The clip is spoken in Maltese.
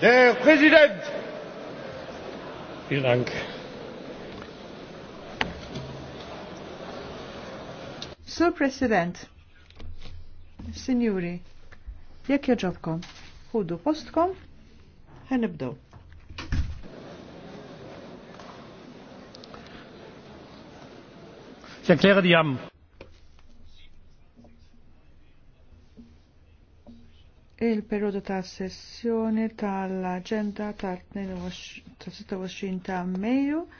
Der Präsident! Vielen Dank. Sur President, Signori, jekk jaġobkom, hudu postkom, ħanibdow. Ich erkläre die Amt. il-periodu ta' sessjoni tal-agenda tal-26 ta' Mejju.